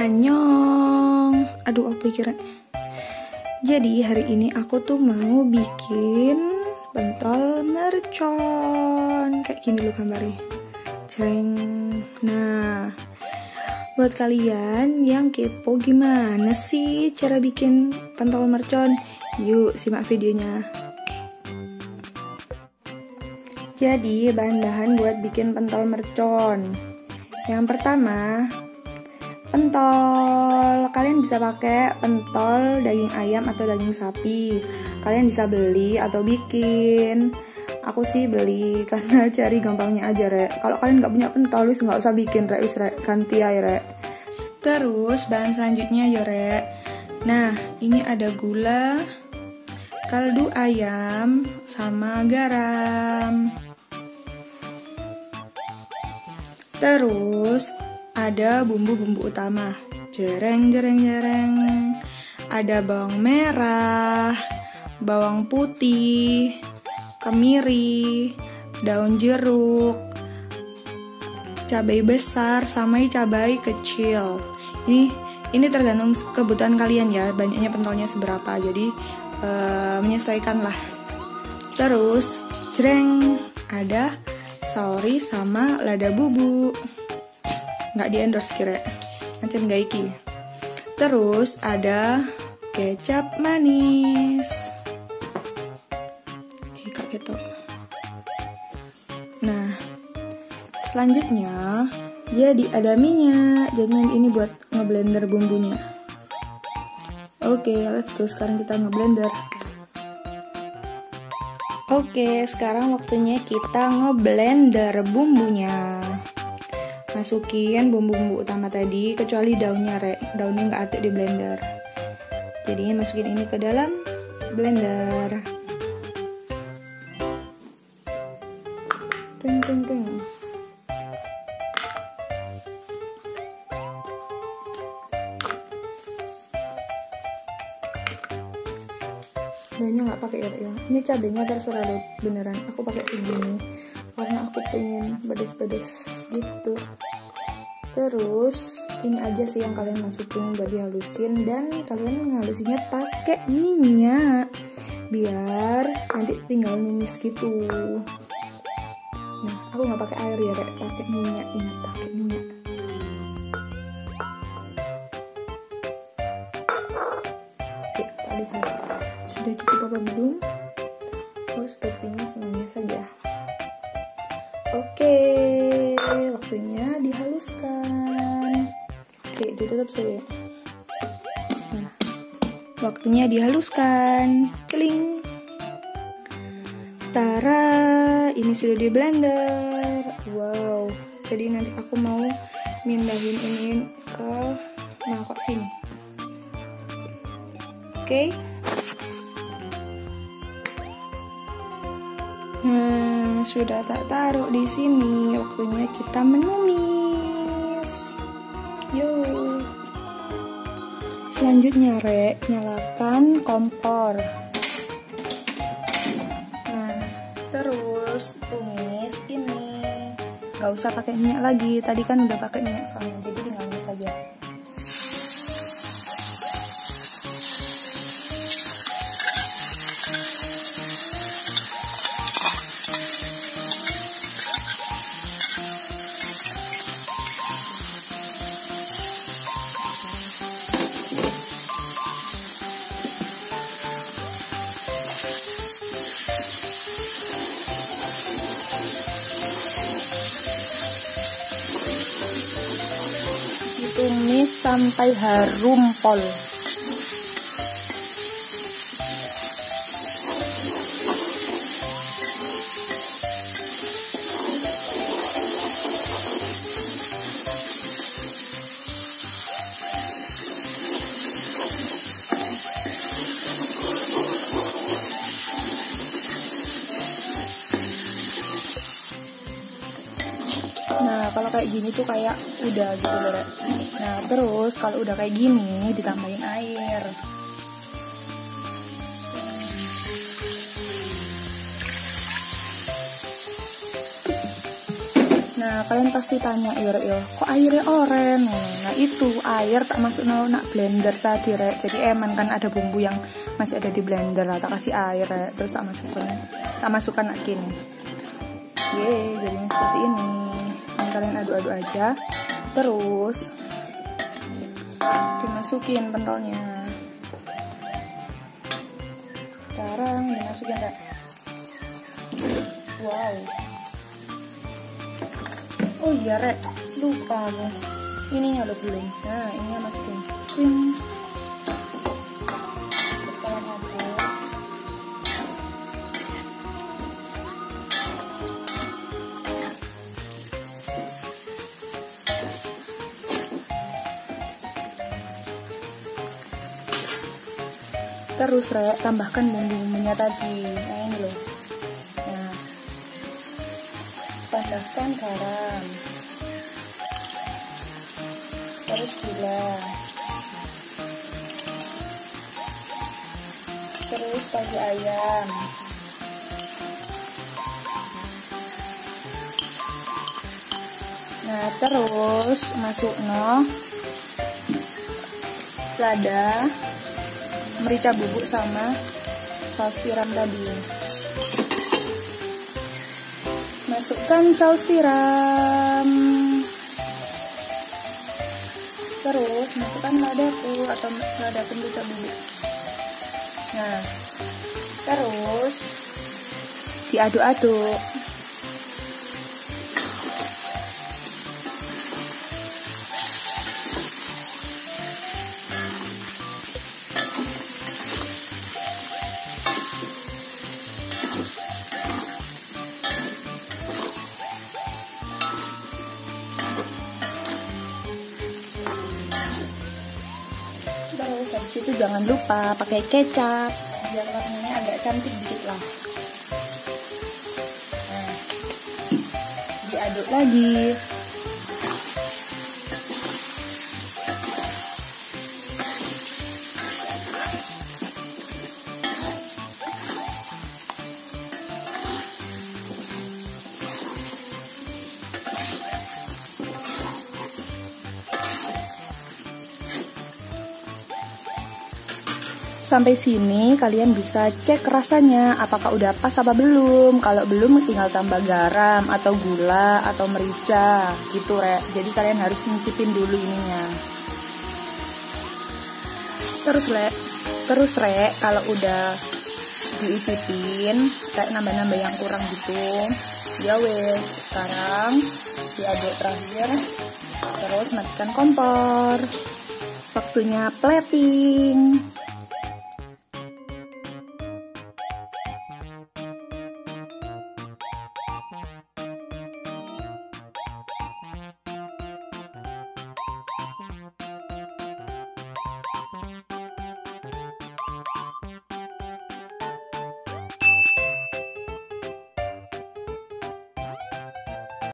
Anyong. Aduh, aku kira? Jadi hari ini aku tuh mau bikin pentol mercon kayak gini loh gambarnya. Ceng. Nah, buat kalian yang kepo gimana sih cara bikin pentol mercon? Yuk simak videonya. Jadi bahan-bahan buat bikin pentol mercon. Yang pertama, pentol. Kalian bisa pakai pentol daging ayam atau daging sapi. Kalian bisa beli atau bikin. Aku sih beli karena cari gampangnya aja, Rek. Kalau kalian nggak punya pentol, wis nggak usah bikin, Rek. Wis, Rek. Ganti ya, Rek. Terus, bahan selanjutnya, yo, Rek. Nah, ini ada gula, kaldu ayam, sama garam. Terus, ada bumbu-bumbu utama, jereng jereng jereng. Ada bawang merah, bawang putih, kemiri, daun jeruk, cabai besar sama cabai kecil. Ini ini tergantung kebutuhan kalian ya, banyaknya pentolnya seberapa. Jadi uh, eh, menyesuaikan lah. Terus, jereng ada sauri sama lada bubuk nggak di endorse kira ancen nggak iki terus ada kecap manis kayak gitu nah selanjutnya jadi ada minyak jadi ini buat ngeblender bumbunya oke okay, let's go sekarang kita ngeblender Oke, sekarang waktunya kita ngeblender bumbunya masukin bumbu-bumbu utama tadi kecuali daunnya rek daunnya nggak atik di blender jadi masukin ini ke dalam blender tung tung tung daunnya nggak pakai irit ya, ya ini cabenya terserah deh beneran aku pakai ini karena aku pengen pedes-pedes gitu terus ini aja sih yang kalian masukin buat dihalusin dan kalian menghalusinya pakai minyak biar nanti tinggal numis gitu nah aku nggak pakai air ya kayak pakai minyak ingat pakai minyak seru ya. nah waktunya dihaluskan keling Tara ini sudah di blender wow jadi nanti aku mau mindahin ini ke mangkok sini oke okay. Hmm, sudah tak taruh di sini. Waktunya kita menumis. Yuk. Selanjutnya, Re, nyalakan kompor. Nah, terus tumis ini. Gak usah pakai minyak lagi, tadi kan udah pakai minyak soalnya, jadi tinggal tumis aja. sampai harum pol gini tuh kayak udah gitu ya. Nah terus kalau udah kayak gini ditambahin air. Nah kalian pasti tanya ya ya kok airnya oren? Nah itu air tak masuk no, nak blender tadi rek. Jadi emang kan ada bumbu yang masih ada di blender lah. Tak kasih air rek. terus tak masukkan tak masukkan nak gini Yeay jadinya seperti ini kalian aduk-aduk aja terus dimasukin pentolnya sekarang dimasukin enggak wow oh iya rek lupa ini ininya lo belum nah ini masukin terus Rek, tambahkan bumbu-bumbunya tadi. Nah, ini loh. Nah. Tambahkan garam. Terus gula. Terus tahu ayam. Nah, terus masuk no lada merica bubuk sama saus tiram tadi masukkan saus tiram terus masukkan lada ku atau lada merica bubuk nah terus diaduk-aduk itu jangan lupa pakai kecap biar warnanya agak cantik dikit lah nah, diaduk lagi Sampai sini kalian bisa cek rasanya apakah udah pas apa belum. Kalau belum tinggal tambah garam atau gula atau merica gitu re. Jadi kalian harus nyicipin dulu ininya. Terus re, terus rek kalau udah diicipin kayak nambah-nambah yang kurang gitu. Ya wes, sekarang diaduk terakhir terus matikan kompor. Waktunya plating.